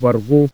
Vargou